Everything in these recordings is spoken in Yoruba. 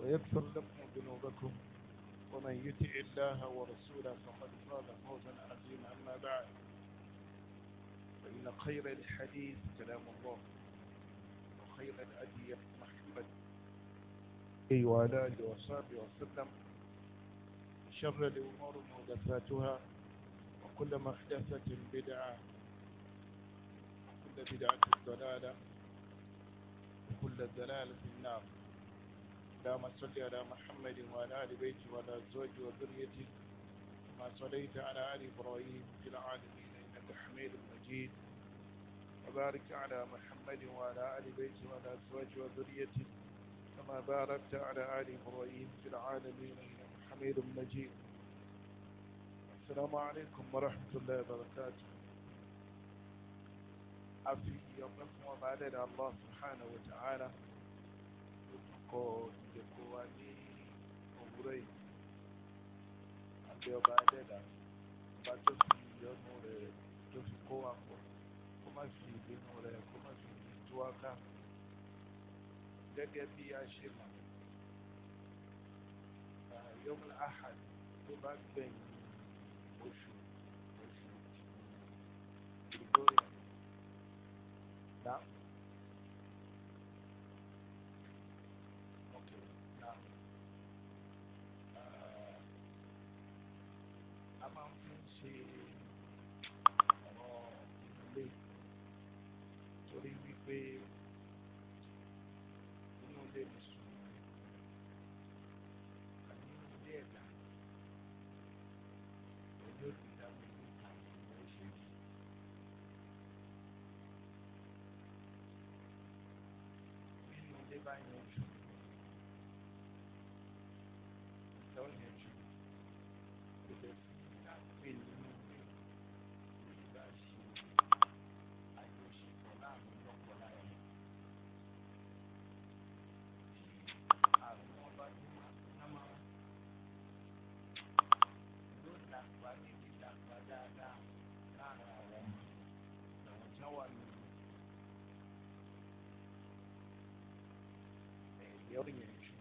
ويغفر لكم ذنوبكم ومن يطع الله ورسوله فقد فاز فوزا عظيما اما بعد فان خير الحديث كلام الله وخير الادعيه محمد وعلى اله وصحبه وسلم شر الامور محدثاتها وكل محدثه بدعه وكل بدعه ضلاله وكل ضلاله في النار اللهم صل على محمد وعلى آل بيته وعلى أزواجه وذريته كما صليت على آل إبراهيم في العالمين إنك حميد مجيد وبارك على محمد وعلى آل بيته وعلى أزواجه وذريته كما باركت على آل إبراهيم في العالمين إنك حميد مجيد السلام عليكم ورحمة الله وبركاته أفي يومكم وما الله سبحانه وتعالى kọ́ ìjẹ́kọ́ wa ní òwúrọ̀ yìí àbí ọba adẹ́dà ọba tó fi ìyọnu rẹ̀ tó fi kó wa pọ̀ kó má fi ìbínú rẹ̀ kó má fi tú wa ká gẹ́gẹ́ bí a ṣe mọ̀ yọmọ ahad tó bá gbẹ̀yìn oṣù oṣù ìgbóyà náà. pé inú ilé mùsùlùmí àti inú ilé ẹ̀dá ẹjọ́ ti dá mi níta ìwọ ṣe rí. nínú ilé báyìí ìyẹn ó yanjú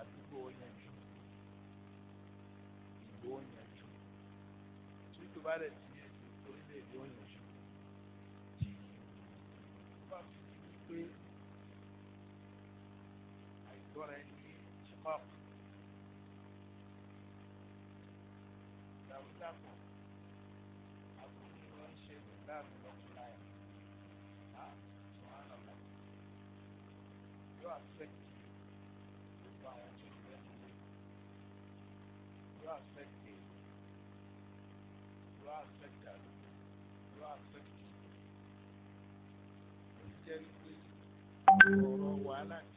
àdúgbò yanjú tí ìlú bá rẹ̀ ti yanjú orílẹ̀-èdè yanjú tí ó bá fi di wípé àìgbọ́ra ẹni ṣe máa kú ìdáwó dápọ̀ àbúrò ń ṣe láàrin lọ́wọ́. yóò affect gbogbo àwọn tó ń bẹ nílé yóò affect èèyàn yóò affect àdúgbò yóò affect ìlú. ó jẹ́ pé ọ̀rọ̀ wàhálà ni.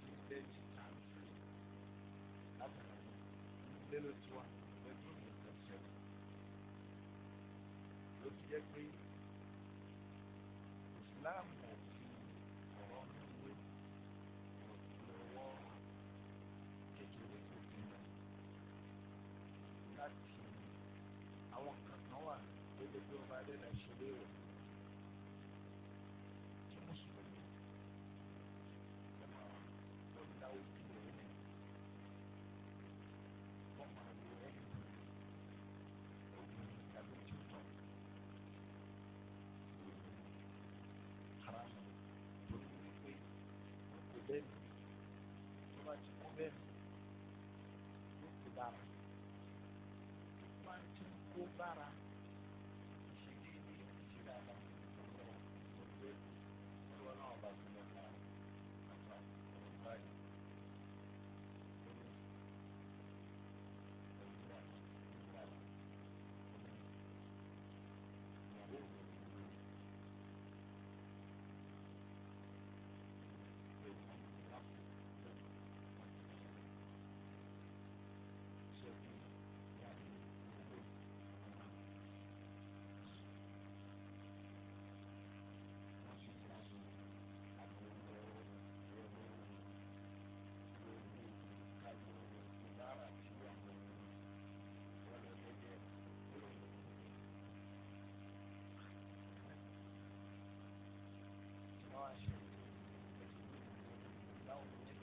Rara.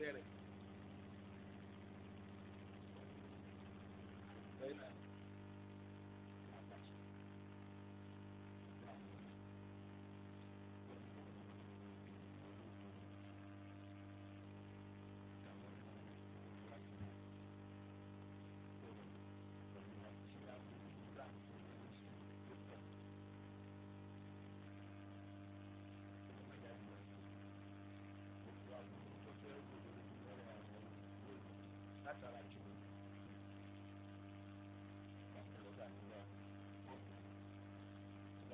organic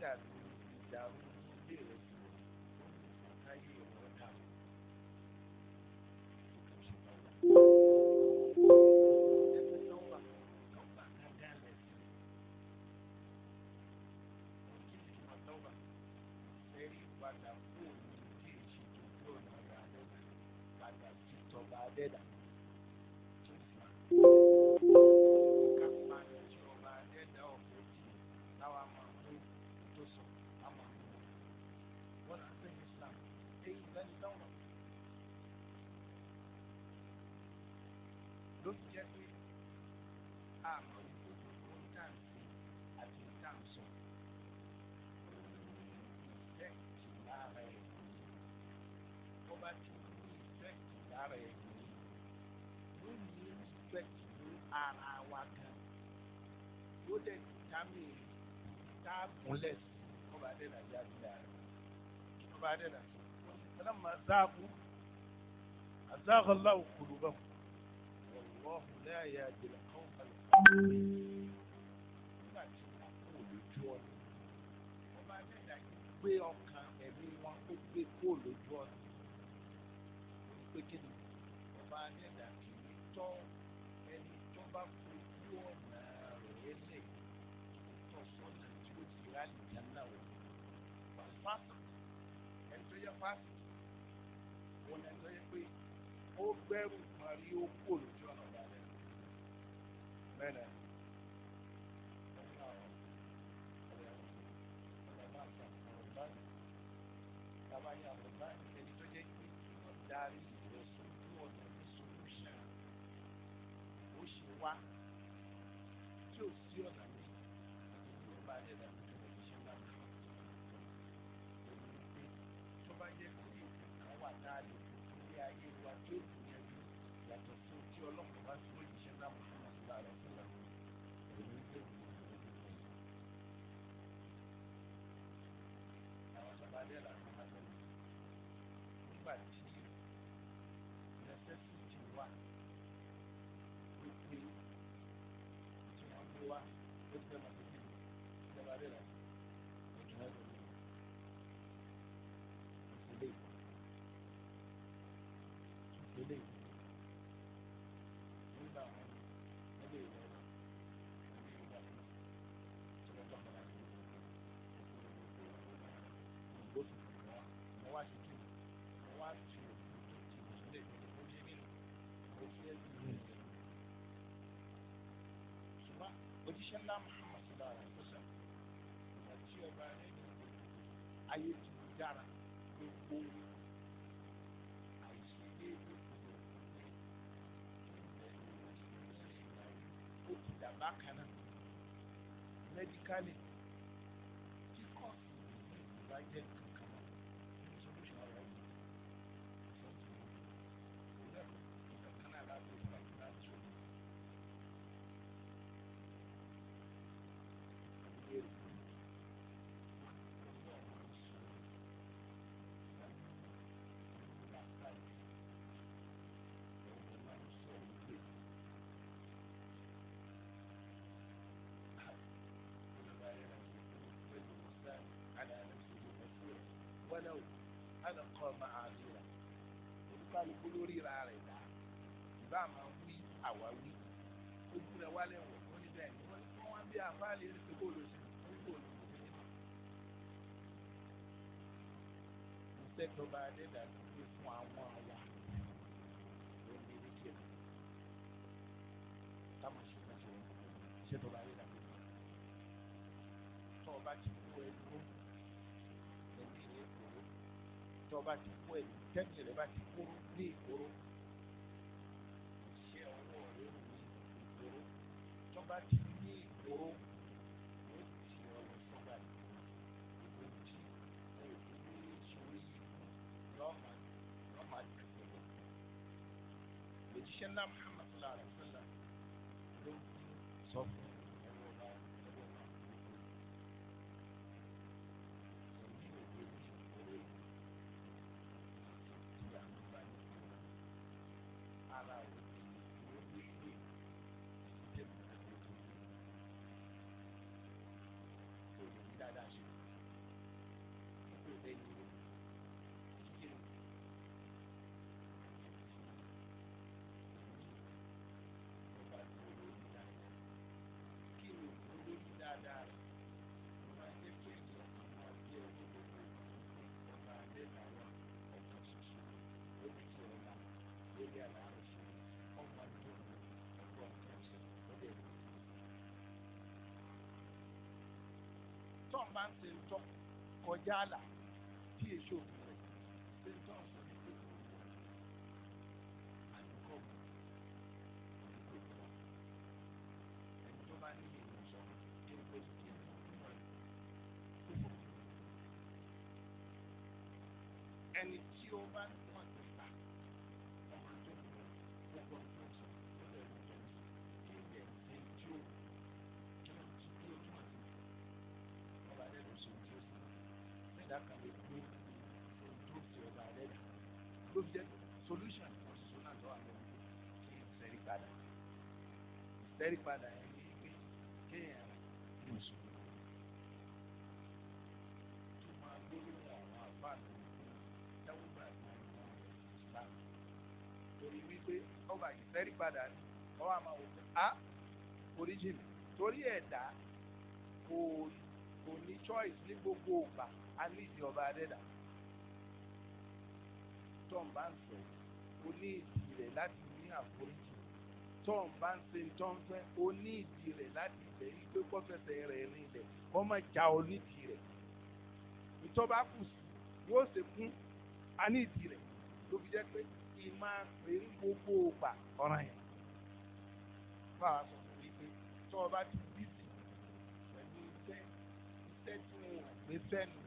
that ló fi jẹ́ pé àmọ́ ìgbòho ohun tá à ń ṣe àti ohun ń sọ ìfẹ́ lára ẹ̀ tó bá ti ní ìfẹ́ lára ẹ̀ yóò ní ìfẹ́ ní ara wa gan yóò dẹ̀ dámì tá a gúnlẹ̀ sí ọba adẹ́nà yá bí dára ọba adẹ́nà sọ. Fọlọ́mọ azáàkú azáàkú aláwọ̀ kùlù gbé ọkàn ẹ̀mí wọn ó gbé kúrò lójú ọ̀nà wọ́n pé kí ni ọba anẹ́dà kì í tọ́ ẹni tó bá fojú ọ̀nà rẹ̀ lẹ̀ tó sọ́nà tí ó ti rà nìyà náà wọ̀ pàṣípàṣọ ẹni tó yẹ pàṣẹ òun ẹni tó yẹ pé ó gbẹ́rù parí ó kúrò ní àbùdá ìfẹ́ni tó jẹ́ pé ìwọ̀n darí ìlọsọ̀tò ọ̀nà ní solution ó ṣe wá tí ò sí ọ̀nà mi àti tí ọba rẹ̀ dà bí tó ṣe wá ní ọ̀nà pé tó bá jẹ́ pé ìkan wà dáadé lórí ayé wa tó kù yẹn yàtọ̀ sí ojú ọlọ́pàá bá tó yẹ. òjíṣẹ́ ńlá Muhammad sallallahu alaihi that. ìgbà tí ọba rẹ̀ ní ayé tí mo dára gbogbo àìsí déédéé kúrò pé ìgbẹ́ ó ti oba re náà deedee kuro wọlé o ẹnì kọ́ ọmọ àdúrà olùkálukú lórí ra rẹ̀ dá ìbá máa ń wí àwa wí ojú rẹ̀ wálé wọ̀ ó ní bẹ́ẹ̀ ni wọ́n wá bí àfáàlì rí pé bóòlù sí ní bóòlù kò fi ní. ìṣèjọba adéda ti fi fún àwọn àwa lórí ní kí ẹ̀ táwọn ṣe ìṣèjọba adéda ti fún ọ bá ti ọba ti kó ẹ̀mí tẹ́tì rẹ bá ti kóró ní ìkóró iṣẹ́ ọwọ́ rẹ ò ní ìkóró tọ́ba ti ní ìkóró ó ti ọ̀rọ̀ sọ́ba ìkóró tí ó ti ní sórí yọ̀ọ̀mà yọ̀ọ̀mà ìkóró. Òjíṣẹ́ ńlá Muhammadu sallallahu alaihi wasallam ló ń sọ fún Bye-bye. máa ń ṣe ń tọ́ kọjá àlà tí èso òfin rẹ̀ ṣe ń tọ́ sọ ní pé kò wọ́n àdúgbò àdúgbò tó wà ẹni tó bá ní ìlú sọ kí n pè é kí n pè é kí n pè é ẹni tí ó bá ń tẹ. ẹ̀dá kan lè gbé ohun tó ti ọba rẹ̀ dà ló fi jẹ́ solution kan ṣoṣo náà lọ́wọ́ àwọn ọmọ kí n sẹ́rí padà sẹ́rí padà ẹ̀ ní pé kéèyàn mùsùlùmí torí ẹ̀dá kò kò ní choice ní gbogbo ògbà a ní ìdí ọba adẹ́dà tom bá ń sọ o ní ìdí rẹ̀ láti ní àforíjì tom bá ń se tom fẹ́ o ní ìdí rẹ̀ láti bẹ̀ yí pé kọ́fẹsẹ̀ rẹ̀ rìn lẹ̀ kọ́ mọ̀ o ní ìdí rẹ̀ ìtọ́ba kù sí yóò ṣe fún a ní ìdí rẹ̀ ló fi jẹ́ pé ìmọ̀ pé ń gbogbo ògbà ọ̀ràn yẹn fún àwọn sọ̀rọ̀ wípé tọ́ ti gbé sẹ́nu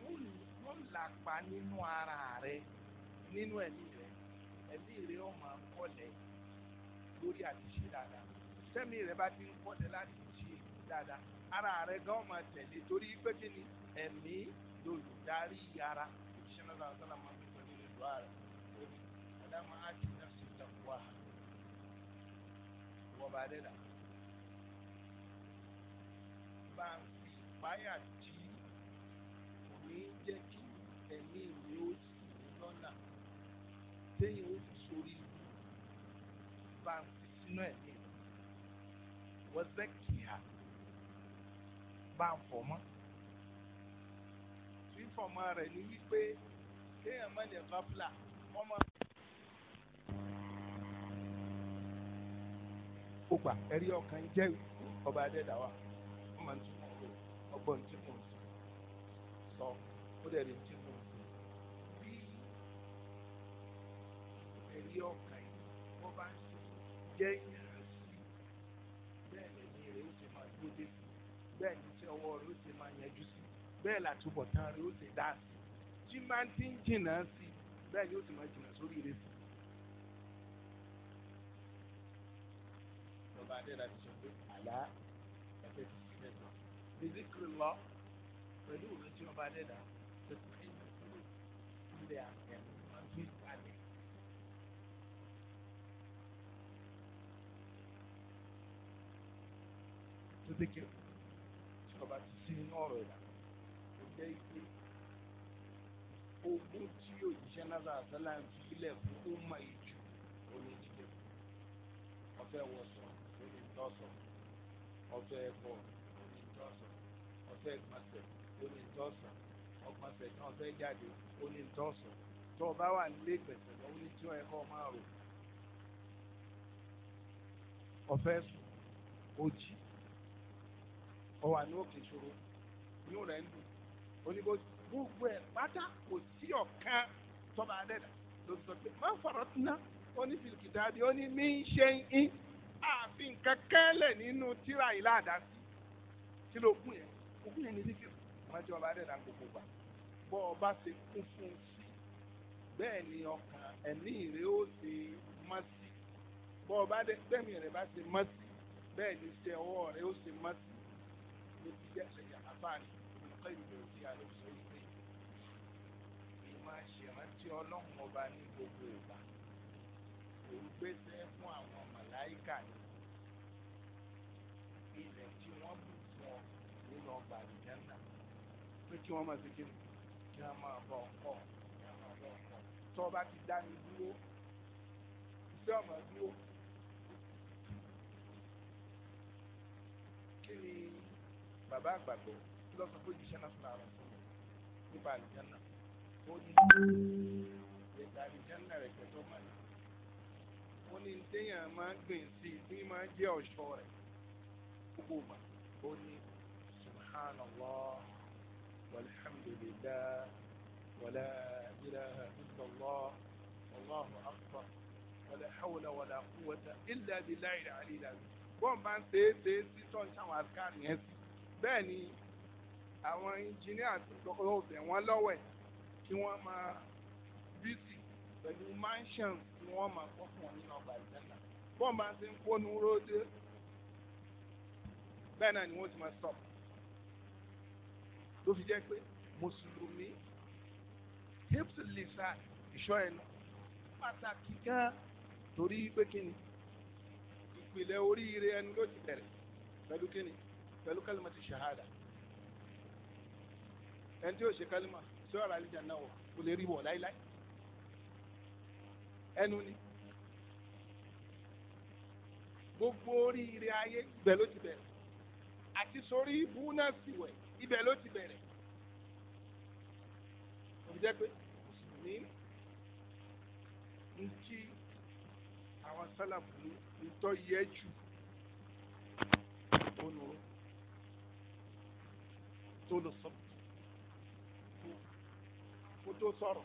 yóò làpá nínú ara rẹ nínú ẹ̀mí rẹ ẹ̀mí rẹ ó máa kọ́lẹ̀ lórí àtìṣe dáadáa sẹ́mi rẹ bá ti ń kọ́lẹ̀ láti ṣe dáadáa ara rẹ gan máa tẹ̀lé torí pé kí ni ẹ̀mí lòlùdarí ara òṣìṣẹ́ náà lọ́wọ́ sọ́la máa ń pè ní ìlú ààrẹ ọ̀dà máa ń ṣe náà ṣe ìjàpọ̀ wà wọ́n bá dé dáa tá a fi ìpáyà dì í kò ní jẹ́ kí ẹ̀mí mi ó sì ní lọ́nà téèyàn ó fi sórí bá ń fi sínú ẹ̀mí wọ́n fẹ́ kíá bá ń fọ̀ mọ́ fífọ̀mọ́ rẹ̀ ni wípé kéèyàn má lè gọ́fìlà wọ́n mọ́. ó gbà ẹ̀rí ọkàn jẹ́ ọba adẹ́dàwà mọ̀ tí mo rò ọgbọ́n tí mo sọ ó dẹ̀ lè tí mo sọ bí ẹ̀rí ọkàn yìí wọ́n bá ń o jẹ́ ìyàrá sí bẹ́ẹ̀ lẹ́yìn rẹ̀ ó ti máa dúró dé sí bẹ́ẹ̀ ní tí ọwọ́ rẹ̀ ó ti máa yanjú sí ti dá sí tí máa ń ti ni ó ti máa jìnnà sórí rẹ̀ sí. ọba adé la ti sọ pé àlá bìzíkìrì lọ pẹ̀lú òwe tí wọ́n bá dé dà tó ti fi ìlú kúrò nílé àgbẹ̀ wọn gbé ìpàdé. tó dékìrì tí wọ́n bá ti sí inú ọ̀rọ̀ ìlà kò jẹ́ ìpè ogún tí òjíṣẹ́ náà sàlá ń fi ilẹ̀ fún ó mọ ìjù òní jíjẹ ọ̀fẹ́ wọ̀sán òní lọ́sàn ọ̀fẹ́ ẹ̀kọ́ fẹ́ gbọ̀nsẹ̀ ó ní tọ́sán ọgbọ̀nsẹ̀ tí wọ́n fẹ́ jáde ó ní tọ́sán tó o bá wà nílé gbẹ̀sẹ̀ lọ́wọ́ ní tí ẹ̀kọ́ máa rò ọ̀fẹ́ sùn ó jì ọ wà ní òkè ìṣòro inú rẹ̀ ń dùn ó ní gbogbo ẹ̀ pátá kò sí ọ̀kan tọ́ba adẹ́dà ló sọ pé má fọ̀rọ̀ tún ná ó ní fìlìkì dáadé ó ní mí ṣe ń in àfi nǹkan kẹ́lẹ̀ nínú tíra ìlà àdásí tí ló kún yẹn òbí yìí ní díkì rántí ọba adẹ́dà gbogbo gbà bọ́ ọba ṣe kún fún un sí bẹ́ẹ̀ ni ọkàn ẹ̀mí rẹ̀ ó ṣe mọ́ sí bọ́ ọba bẹ́ẹ̀mí rẹ̀ bá ṣe mọ́ sí bẹ́ẹ̀ ni iṣẹ́ ọwọ́ rẹ̀ ó ṣe mọ́ sí níbi jẹ́ ẹ̀yà àfáàní olùkọ́ ìlú ti àlọ́ sọ ìgbé yìí máa ṣe rántí ọlọ́run ọba ní gbogbo ìgbà òun gbé sẹ́ fún àwọn màláìkà ní kí wọ́n máa ṣe kí kí wọ́n máa bọ̀ ọ̀pọ̀ tó o bá ti dá mi dúró iṣẹ́ ọ̀mọ̀ dúró kí ni bàbá àgbàgbọ́ kí lọ́sọ̀ pé jíṣẹ́ náà fúnra rẹ̀ fún mi nípa àlùjánà ó ní ìgbà àlùjánà rẹ̀ kẹ́tọ́ máa ní ó ní téèyàn máa ń gbìn sí i tí máa ń jẹ́ ọ̀ṣọ́ rẹ̀ gbogbo mà ó ní subhanallah. والحمد لله ولا إله إلا الله والله أكبر ولا حول ولا قوة إلا بالله العلي العظيم bọ́n bá ń ṣe é ṣe é sí tọ́jú àwọn àfikàrí yẹn sí bẹ́ẹ̀ ni àwọn engineer ti lọ́ọ́ bẹ̀ wọ́n lọ́wọ́ ẹ̀ kí wọ́n máa bíìsì pẹ̀lú mansion tí wọ́n máa kọ́ fún wọn nínú ọgbà bọ́n bá ń ṣe ń kónú róde bẹ́ẹ̀ náà ni wọ́n ti máa stop ló fi jẹ́ pé mùsùlùmí hips lisa ìṣọ́ ẹnu pàtàkì gan torí pé kí ni ìpìlẹ̀ oríire ẹni ló ti bẹ̀rẹ̀ pẹ̀lú kí ni pẹ̀lú kálímà ti ṣàhádà ẹni tí ó ṣe kálímà tí ó ara lè jàǹdà wọ̀ kò lè rí wọ̀ láíláí ẹnu ni gbogbo oríire ayé bẹ̀ ló ti bẹ̀rẹ̀ àti sórí ibú náà sì wẹ̀ ibẹ̀ ló ti bẹ̀rẹ̀ òbí jẹ́ pé mùsùlùmí ń kí àwọn sálàmù ní ìtọ́ yẹ jù ònù tó lọ sọ kó tó sọ̀rọ̀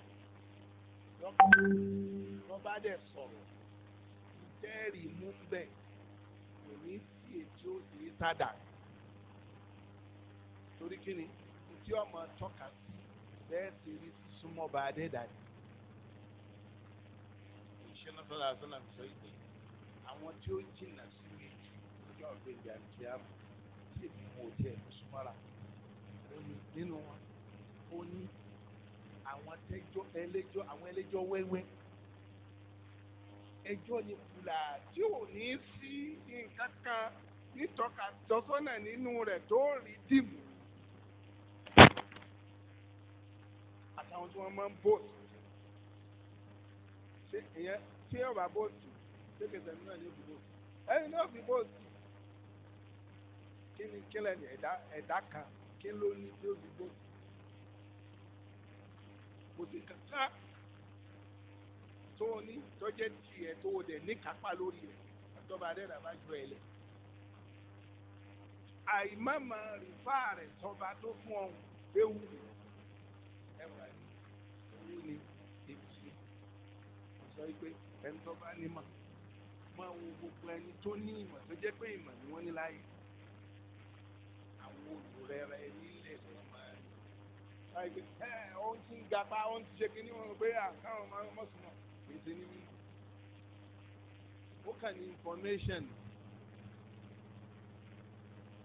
wọ́n bá dẹ̀ sọ̀rọ̀ ìtẹ́rì mú bẹ́ẹ̀ kò ní sí ètò ìtàdà torí kí ni tí ọmọ tọ́ka sí bẹ́ẹ̀ sì rí súnmọ́ bá a dé dàdí. iṣẹ́ náà sọ́dọ̀ àti náà sọ ìpè àwọn tí ó jìnnà sí mi ọjọ́ ọ̀gbẹ́jà ti á mọ̀ tí èmi mú o tiẹ̀ lọ súnmọ́ra nínú wọn ó ní àwọn tẹjọ ẹlẹ́jọ́ àwọn ẹlẹ́jọ́ wẹ́wẹ́ ẹjọ́ ni kùlà tí ò ní sí nǹkan kan nítọ́ka tọ́sọ́nà nínú rẹ̀ tó rí dìbò. àtàwọn tí wọ́n máa ń bóòtù ṣé ìyẹn tí yóò bá bóòtù ṣé kẹsẹ̀ nínú ẹ̀ yóò fi bóòtù ẹ̀yin náà fi bóòtù kí ni kílẹ̀ ní ẹ̀dá ẹ̀dá kan kí ló ní tí ó fi bóòtù kò sí kankan tó o ní tọ́jẹ́ tiẹ̀ tó o dẹ̀ ní kápá lórí rẹ̀ àtọ́ba adẹ́rẹ́ àbájọ ẹ̀ lẹ̀ àìmọ̀mọ̀ rìfáà rẹ̀ sọba tó fún ọ̀hún ewu rẹ̀. sọ pé ẹni tó bá nímọ̀ máa wo gbogbo ẹni tó ní ìmọ̀ tó jẹ́ pé ìmọ̀ ni wọ́n ní láàyè àwọn olùrẹ́ra ẹni lè sọ máa ń ṣe ẹ ohun tí ń gapá ohun tí ṣe kíní wọn pé àkáwọn máa ń mọ̀sùnmọ̀ èsì ni wí. ó kàn ní information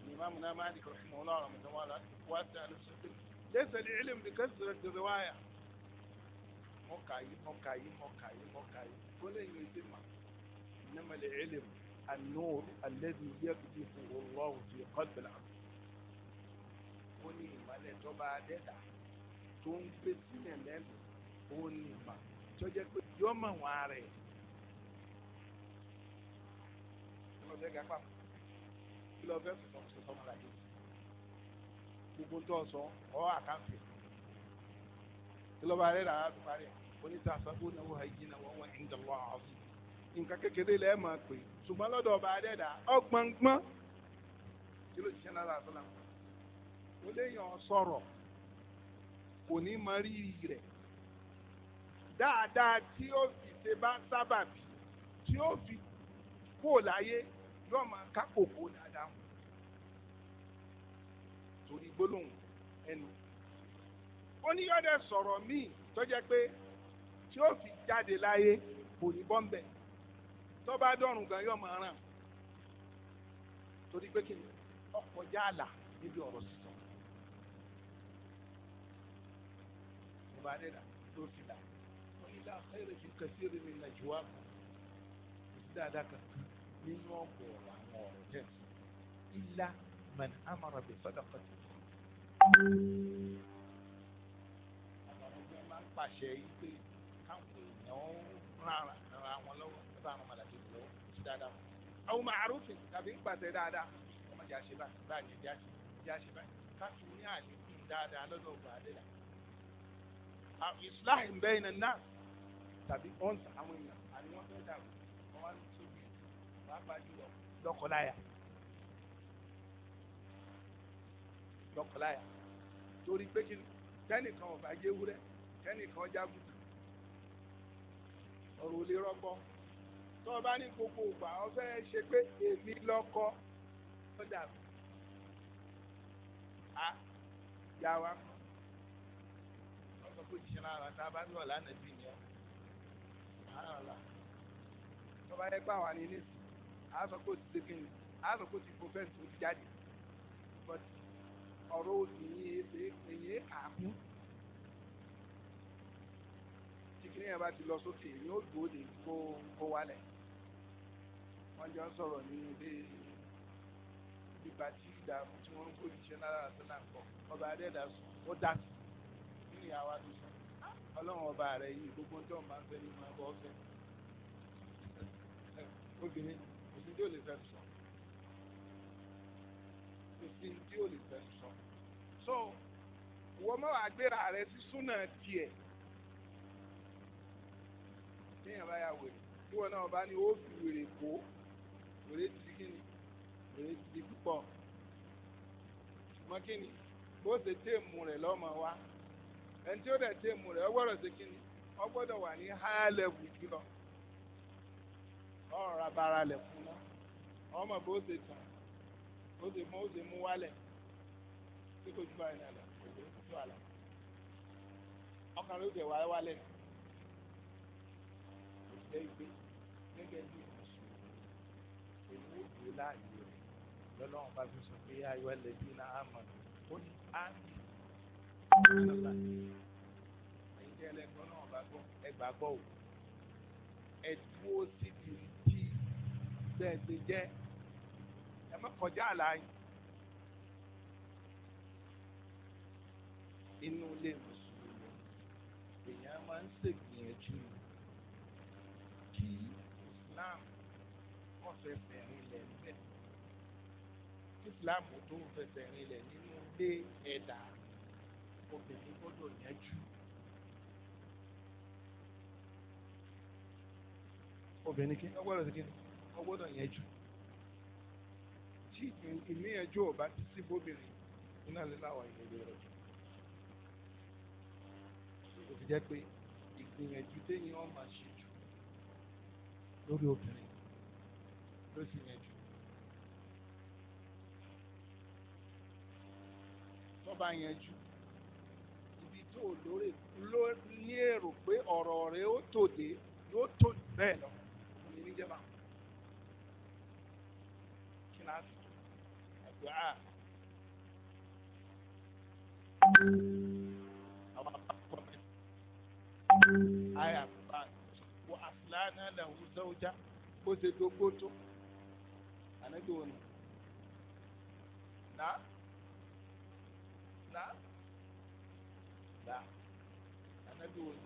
ni ìmáàmù náà máa dìkọ̀ fún ọlọ́run mọ̀tọ́wọ́lá wá sí àlùfẹ́ lẹ́sẹ̀ ní ilé mi kẹ́sìrẹ́ tẹ̀síwáyà ọkà yìí ọkà yìí ọkà yìí ọkà yìí gbọ́dọ̀ yìí ti mà nàmàlẹ̀ ẹlẹ́m anúr alẹ́bí yẹ́bùdí fún ọlọ́run fi kọ́bìlà. ó ní ìmọ̀lẹ̀ tó bá dẹ́ta tó ń gbé sílẹ̀ lẹ́nu ó ní ìmọ̀ tó jẹ́ pé yọ́ mọ̀ wọn rẹ̀. kí ló fẹ́ ga pàmò kí ló fẹ́ sọ̀tọ̀ sọ̀tọ̀ mọ́ra yìí gbogbo tó sọ ọ́ àkáǹtì ìlọba rẹ rà á tó parí ẹ onítàṣàbó náà wọ́n ayé náà wọ́n wọ́n ń dọ̀lọ́ ọ̀sùn nǹkan kékeré lẹ́ẹ̀ máa pè ṣùgbọ́n lọ́dọ̀ ọba adẹ́dà ọgbọ̀ngbọ́n kí ló ṣiṣẹ́ náà lásán náà ó léèyàn sọ̀rọ̀ kò ní mọ rírì rẹ̀ dáadáa tí ó fi ṣe bá sábàbí tí ó fi kó láyé yóò máa ká kòkó dáadáa torí gbólóhùn ẹnu ó ní yọ́dẹ̀ sọ̀rọ̀ míì tó jẹ́ pé tí ó fi jáde láyé kò ní bọ́m̀bẹ̀ tó bá dọ̀rùn gan yọ̀ máa ràn torí pé kí ni ọkọjá àlà níbi ọ̀rọ̀ sísọ. Ìbá dẹ́dà ló fi là wọ́n ní láàkà èrè fi kẹsí rí mi Nàìjíríà kù sí dáadáa kan nínú ọ̀pọ̀ àwọn ọ̀rọ̀ jẹ́ ìlà man amara bi sadaqati pàṣẹ wípé káwọn èèyàn rárá rárá wọn lọ́wọ́ nípa àwọn màlàkì lọ́wọ́ sí dáadáa wọn. àwọn màrúfin tàbí ń pàṣẹ dáadáa wọn máa jẹ àṣẹ báyìí báyìí ẹjẹ àṣẹ ẹjẹ àṣẹ báyìí káfí ní àlékún dáadáa lọ́dọ̀ ọgbà àdélà. àwọn ìsìláhì ń bẹ́ẹ̀ náà náà tàbí ọ̀nsà àwọn èèyàn àní wọ́n fẹ́ dàrú wọ́n wá ní sóbì pàápàá jùlọ lọ́kọ̀láyà. lọ́kọ̀láyà torí pé kí tẹ́nìkan ọ̀bà yéwúrẹ́ kẹ́nìkan jagun ọ̀rọ̀ ò lè rọgbọ tó o bá ní gbogbo ìgbà ọ fẹ́ ṣe pé èmi lọ́kọ́ ó dàbí a yà wá ọkọ̀ kó jìṣẹ́ lára tá a bá ń lọ lánàá bí ni ọ tó bá yẹ pé àwọn àní ní àásọ kó ti ṣe kí ni àásọ kó ti professor jáde ọ̀rọ̀ òsì yìí èyí àkún tí yẹn bá ti lọ sókè ni ó dúró de kó kó wálẹ̀ wọ́n jọ ń sọ̀rọ̀ ní ilé ìgbà tí ìdààmú tí wọ́n ń kó ìṣe náírà àti náà pọ̀ ọba adẹ́dà ó dá sí nínú ìyàwó àdúgbò ọlọ́run ọba rẹ̀ yìí gbogbo tó ń bá ń fẹ́ ní ìmọ̀ ọba ọ̀fẹ́ obìnrin kò sí tí ò lè fẹ́ sọ kò sí tí ò lè fẹ́ sọ so wọ́n mọ́ àgbéra rẹ̀ sí súnà tiẹ̀ téèyàn bá ya wèrè tí wọn náà bá ní ó fi wèrè kó wèrè ti kí ni wèrè ti di púpọ̀ ṣùgbọ́n kí bó ṣe téèmù rẹ̀ lọ́mọ wa ẹni tí ó dẹ̀ téèmù rẹ̀ ọgbọ́dọ̀ ṣe kí ni ọgbọ́dọ̀ wà ní high level jùlọ ọ̀rọ̀ abara lẹ̀ fún ná ọmọ bó ṣe tàn bó ṣe mú ó ṣe mú wálẹ̀ tí kò ju báyìí nà lọ kò tó àlà ọkàn ló jẹ wálẹ̀ jẹ́ pé gẹ́gẹ́ bí mùsùlùmí èmi ò láàyè rẹ̀ lọ́lọ́run bá fi sọ pé ayọ̀ ẹlẹ́bí náà á mọ̀ ó ní áńgì ọ̀nàmà ẹ̀yin jẹ́ náà bá gbọ́ ẹgbàá gbọ́ ò ẹ dúró síbi tí bẹ́ẹ̀ ti jẹ́ ẹ má kọjá àlá yín. inú ilé mùsùlùmí èèyàn máa ń ṣègbìyànjú ni islam wọ́n fẹsẹ̀ rinlẹ̀ bẹ́ẹ̀ islam tó ń fẹsẹ̀ rinlẹ̀ nínú ilé ẹ̀dá obìnrin gbọ́dọ̀ yẹn jù. obìnrin kí ọgbọ́dọ̀ sí kíni ọgbọ́dọ̀ yẹn jù tí ìníyànjú ọba ti sí bóbìnrin iná líláwà ìlérí rẹ̀ jù kò fi jẹ́ pé ìgbìyànjú téèyàn máa ṣe lórí obìnrin ló sì yẹn jù tó bá yẹn jù ibi tó lórí ló ní èrò pé ọ̀rọ̀ rẹ̀ ó tòde yóò tó bẹ́ẹ̀ lọ òní níjẹba kíláàsì àdúrà àwọn akọ̀ọ̀mẹ́ àyàwó lánàá làwọn sọ́jà bó ṣe dógbó tó ànágbé wọn nà nà nà ànágbé wọn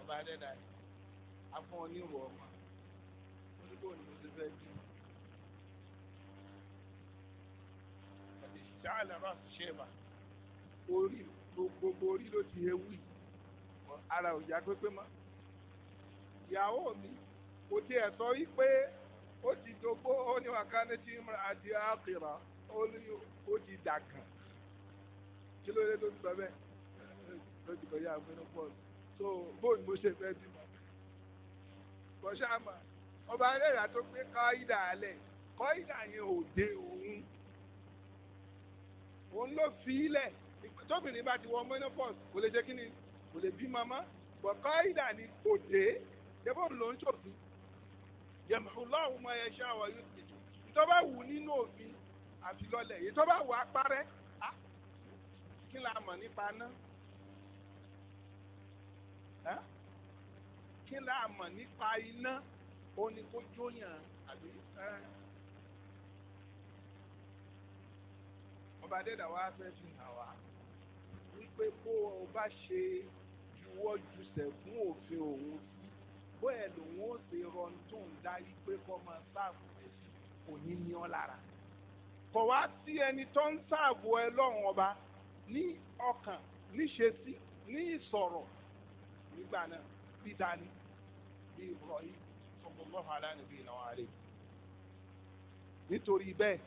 ọba adẹ́dá yìí afọ oníwọ̀ ọmọ onígbò ní mo ti fẹ́ bí. Àdìsí sáà làwọn àṣìṣe bá orí gbogbo orí ló ti ewu yìí ara ò yá pépé mọ́ ìyàwó mi kò tiẹ̀ sọ wípé ó ti dogbo ó ní wàkánná tí mo àti àkìrà ó ní ó ti dàgàn kí ló dé tó ti sọ bẹ́ẹ̀ ló ti kọjá àgbẹ̀nu pọ́ọ̀lù so bóun mo ṣe fẹ́ bímọ bọ́sàmà ọba ẹlẹ́yà tó gbé kọ́ìdà alẹ̀ kọ́ìdà yẹn ò dé òun òun ló fi í tóbìnrin bá ti wọ menopause kò lè ṣe kí ni kò lè bí mama wọ̀ká ìdá ni kò dé jẹ́bọ̀ ló ń ṣòfin jẹ̀mọ̀láhùn mọ ẹ̀ṣẹ́ àwọn yóò ti jù ìtọ́ba wù nínú òfin àfilọ́lẹ̀ ìtọ́ba wù apárẹ́ kí la mọ̀ nípa náà kí la mọ̀ nípa iná ó ní kó jóyàn àbí ọba adédàwá fẹ́ fi hàn wá wípé kó o bá ṣe juwọ́ jùsẹ̀ fún òfin òun sí bó ẹ̀ lòun ó ṣe rọrùn tó ń darí pé kọ́ máa sáàbù ẹ̀ sí kò ní ní ọ́ lára kọ̀ wá sí ẹni tó ń sáàbù ẹ lọ́rùn ọba ní ọkàn níṣesí ní ìsọ̀rọ̀ nígbà náà bí dání bí Ibrahim sallallahu alánàbí ìnáwó àlè nítorí bẹ́ẹ̀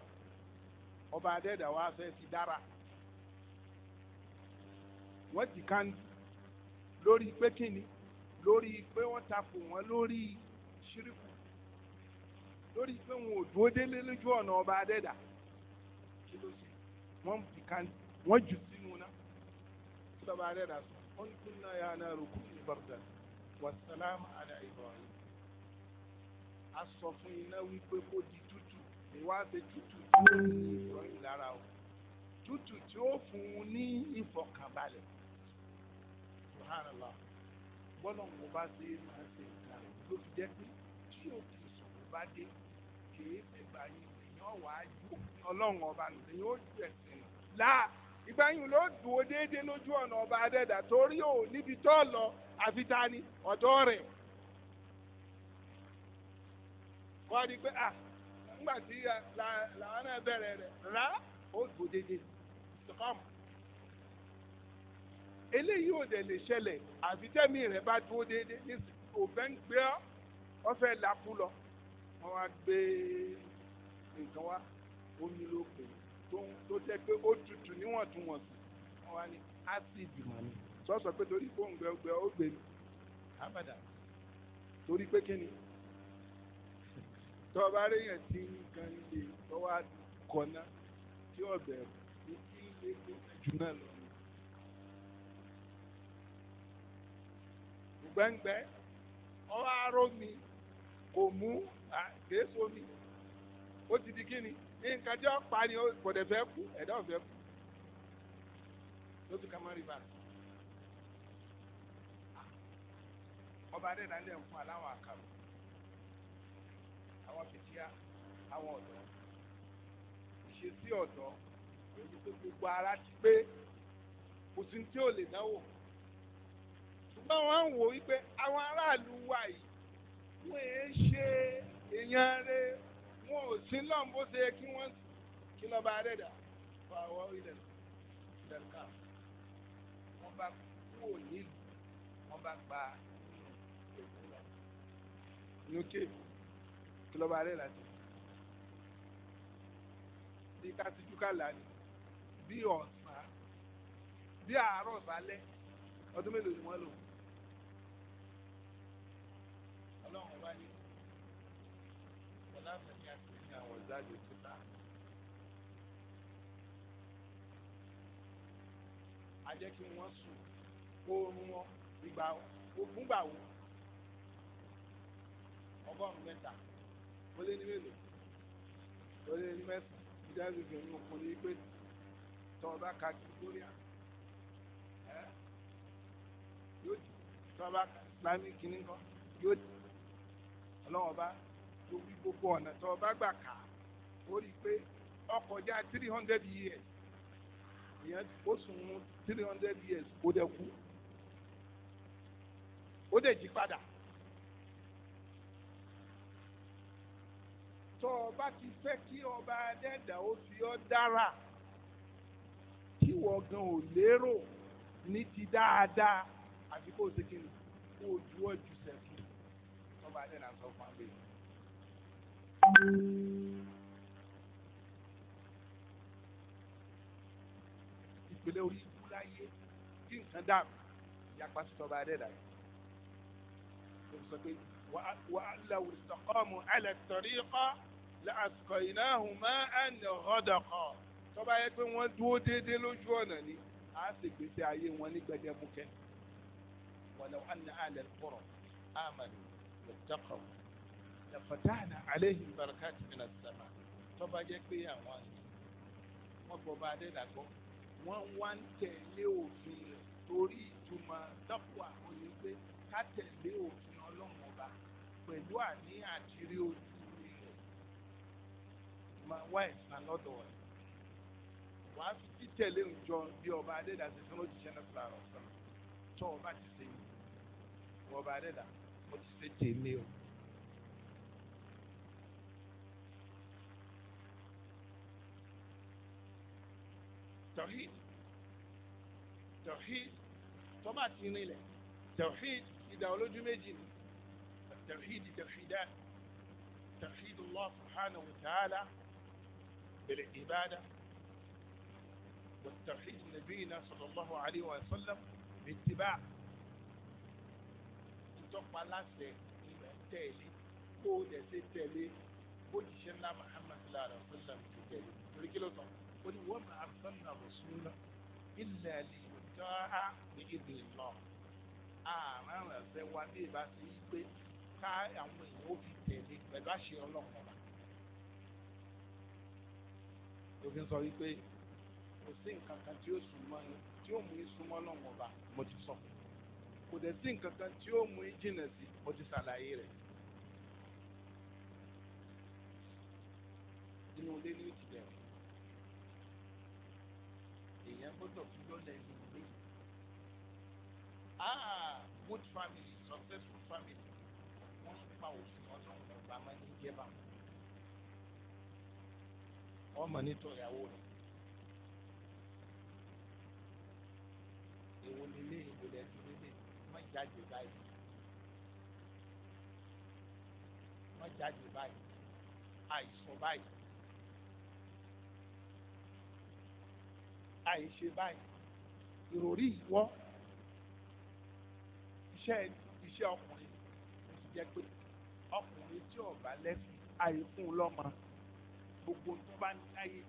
ọba adẹ́dàá wa fẹ́ fi dára wọ́n ti ká ń lórí pé kíni lórí pé wọ́n takò wọ́n lórí ṣíríkù lórí pé wọn ò dúró délé lójú ọ̀nà ọba adẹ́dà kí ló ṣe wọ́n kàn wọ́n jù sínú náà kí lọ́ba adẹ́dà sọ wọ́n kún náà yà náà rò kún ní bàrúdà wàsálàmù àlà Ibrahim a sọ fún iná wípé kó di tútù ìwà ṣe tútù tí ó ní Ibrahim lára o tútù tí ó fún un ní ìfọ̀kànbalẹ̀ subhanallah gbọ́dọ̀ kò bá ṣe é máa ṣe ìgbà rẹ̀ ló fi jẹ́ pé tí o ti sọ̀rọ̀ bá dé kìí ṣe gbà yín èèyàn wà á ju ọlọ́run ọba nù èèyàn ó ju ẹ̀sìn nù. láà ìgbà yín ló dùn ó déédéé lójú ọ̀nà ọba adẹ́dà torí ò níbi tó lọ àfi ta ni ọ̀dọ́ rẹ̀. wọ́n á di pé à ńgbà tí làwọn náà bẹ̀rẹ̀ rẹ̀ rà ó dùn déédéé eléyìí ò dẹ̀ lè ṣẹlẹ̀ àfi tẹ́mi rẹ̀ bá dúró déédéé ní òfẹ́ ń gbé ọ́ ọ fẹ́ làkú lọ wọ́n wá gbé nǹkan wá omi ló pè tó jẹ́ pé ó tutù níwọ̀ntúnwọ̀nsì wọ́n wá ní ásìdì wọn ni sọ́sọ́ pé torí kó ń gbẹ ọgbẹ ó gbé mi abàdà torí pé kíni tọ́ ọba aréyàn ti ń gan ilé tọ́wọ́ àkọ́ná tí ọ̀bẹ̀rù ní ilé tó jù náà lọ. gbẹ́ngbẹ́ ọwọ́ aró mi kò mú àgbéso mi ó ti di kí ni nǹkan tí ó pa ni kò dẹ̀ fẹ́ kú ẹ̀dá ò fẹ́ kú lóṣù ká má rí bàrà. ọba adẹ́dá lè fún aláwọ̀ àkàrò àwọn fìtíà àwọn ọ̀dọ́ ìṣesí ọ̀dọ́ èyí tó gbogbo ara ti pé kò sí tí ò lè náwó ṣùgbọ́n wọ́n ń wò wípé àwọn aráàlú wa yìí wọ́n èé ṣe èèyàn rẹ wọn ò sí lọ́n bó ṣe yẹ kí wọ́n kí lọ́ba àdẹ́dà fà wọ́ ilẹ̀ ìdẹ̀ka wọ́n bá kúrò nílùú wọ́n bá gba èkó lọ inú kéèkì kí lọ́ba àdẹ́dà ti bí kásíjú kàlà ni bí ọ̀sán bí àárọ̀ sálẹ̀ ọdún mélòó ni wọ́n lò wọ́n. láàyò títà. a jẹ́ kí wọ́n sùn oorun wọn ìgbà fúngbà wo ọgọ́rùn-ún mẹ́ta ó lé ní mélòó ó lé ní mẹ́sàn-án ìjà gbèsè ní ọkùnrin pé tọ́ ọ ka kí lórí à yóò di tọ́ ọ bá lámì kínní kan yóò di ọlọ́wọ́n bá tó wí gbogbo ọ̀nà tọ́ ọ gbà kà ó rí pé ọkọjá three hundred years ìyẹn ó sùn three hundred years ó dẹ̀ kú ó dẹ̀ jí padà. tó o bá ti fẹ́ kí ọba adẹ́dà ó fi ọ́ dára kí wọ́n gan ò lérò ní ti dáadáa àti kó o ṣe kí ni kó o juwọ́ ju sẹ́kù ọba adẹ́dà sọ fún abẹ́yẹ. ìpìlẹ̀ orí ibú láyé tí nǹkan dàrú ìyapa sí tọ́ba adẹ́dà yìí. ó sọ pé wà á lọ wùsàkọ́mù alẹ́ tọ̀rí kọ́ làásùkọ̀ ìnáhùn máa ń rọ́dọ̀kọ̀ tọ́ba yẹ pé wọ́n dúró déédéé lójú ọ̀nà ni á sì gbèsè ayé wọn ní gbẹdẹmukẹ́ wàlẹ́ wà ní alẹ́ kọ̀rọ̀ àmàlẹ́ ìjọkọ̀ lafatahna alayhim barakati minas sama tọ́ba jẹ́ pé àwọn àti wọ́n gbọ́ bá adé dàgbọ́ wọ́n wá ń tẹ̀lé òfin rẹ̀ torí ìtumọ̀ tọ́pọ̀ àwọn yìí pé ká tẹ̀lé òfin ọlọ́run ọba pẹ̀lú àní àtìrí ojú rẹ̀ máa wá ẹ̀sán lọ́dọ̀ rẹ̀ wàá fi títẹ̀lé òjọ bí ọba adẹ́dà ṣe fún òjìṣẹ́ náà fúnra rẹ̀ sọ̀rọ̀ tó ọba ti ṣe yìí ọba adẹ́dà mo ti ṣe tèmi o. tọ́hìd التوحيد طبعا تيني له توحيد ايديولوجي ميجين التوحيد توحيدات توحيد الله سبحانه وتعالى بالعبادة والتوحيد نبينا صلى الله عليه وسلم باتباع توك بالاسي تيلي بو دي سي تيلي بو دي شنا محمد صلى الله عليه وسلم تيلي ولي كيلو تو ولي وما ارسلنا رسولا الا لي tọ́ra níbi lọ àárín ẹ̀fẹ́ wa ní ìbá ti yí pé ká àwọn èèyàn ó fi tẹ̀lé pẹ̀lú àṣẹ ọlọ́pàá wa. òfin sọ wípé kò sí nǹkan kan tí ó súnmọ́ tí ó mú ìsúnmọ́ lọ́wọ́ ọba mo ti sọ kò dẹ̀ sí nǹkan kan tí ó mú ìjìnà sí mo ti ṣàlàyé rẹ̀. inú ilé ní ìtìbẹ̀rẹ̀ èèyàn gbọ́dọ̀ fi lọ́lẹ̀ nínú ah good family successful family wọ́n ń pa òfin ọlọ́run ọba máa ń jẹ́ bá ọmọ nítorí ìyàwó rẹ̀ èwo nílé èwo lẹ́tí nílé má jáde báyìí má jáde báyìí àìsàn báyìí àìṣe báyìí ìròrí ìwọ́ iṣẹ́ iṣẹ́ ọkùnrin ló ti jẹ́ pé ọkùnrin tí ò bá lẹ́sìn àìkún lọ́mọ gbogbo tó bá ní láyé